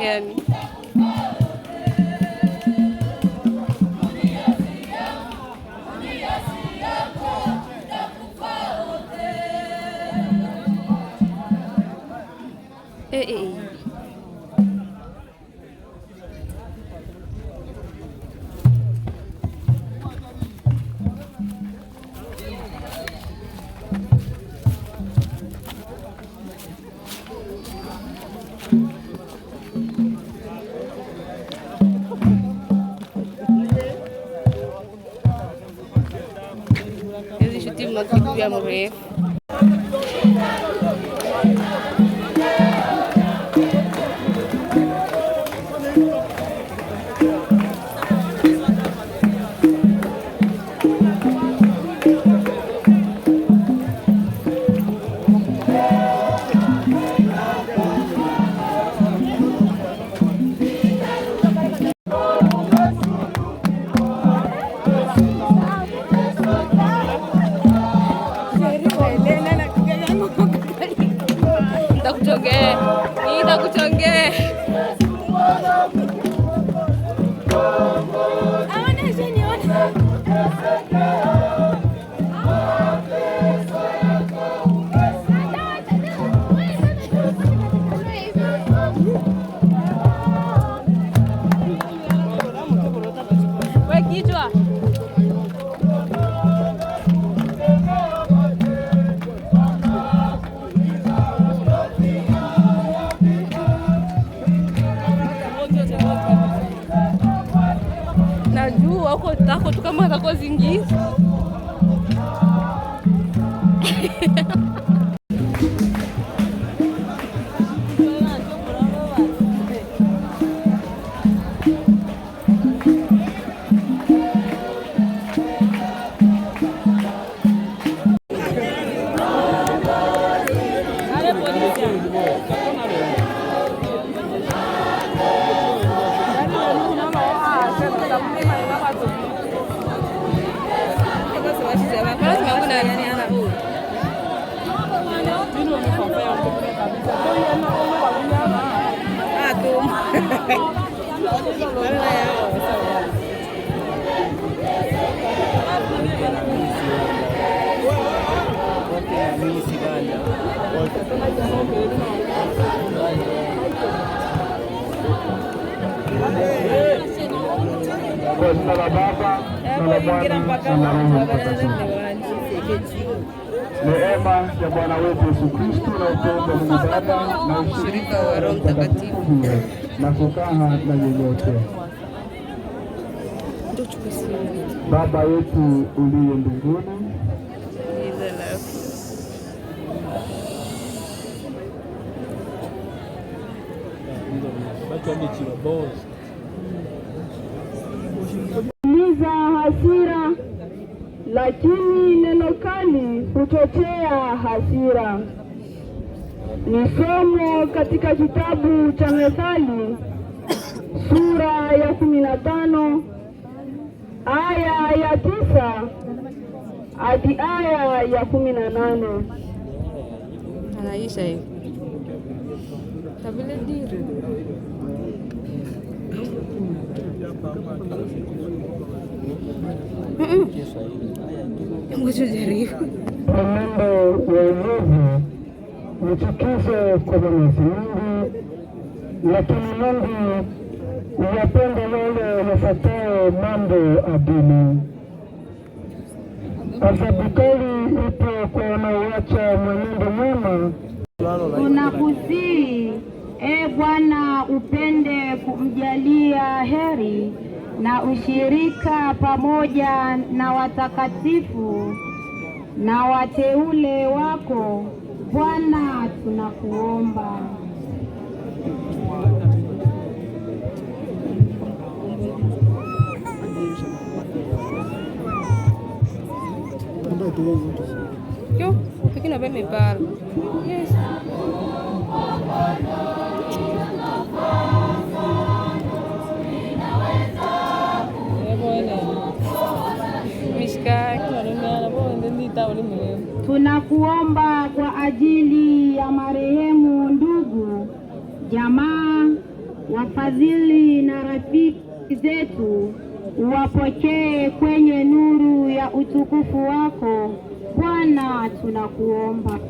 E Ei, ei. mag-bigyan mo najua uko tako tu kama tako zingizi questa è la data E eh, poi in gran vacanza che Neema ya Bwana wetu Yesu Kristo na upendo Mungu Baba na ushirika wa Roho Mtakatifu na kukaa na yeyote. Baba yetu uliye mbinguni, niza lakini neno kali huchochea hasira. Ni somo katika kitabu cha Methali sura ya kumi na tano aya ya tisa hadi aya ya kumi na nane. Mambo ya uovu ni chukizo kwa Mwenyezi Mungu, lakini Mungu yapenda wale wafuatao mambo adini Adhabu kali ipo kwa wanaoacha mwenendo mwema. Tunakusii, e eh, Bwana, upende kumjalia heri na ushirika pamoja na watakatifu na wateule wako Bwana, tunakuomba. Yo, Yes. Tunakuomba kwa ajili ya marehemu ndugu, jamaa, wafadhili na rafiki zetu, uwapokee kwenye nuru ya utukufu wako Bwana, tunakuomba.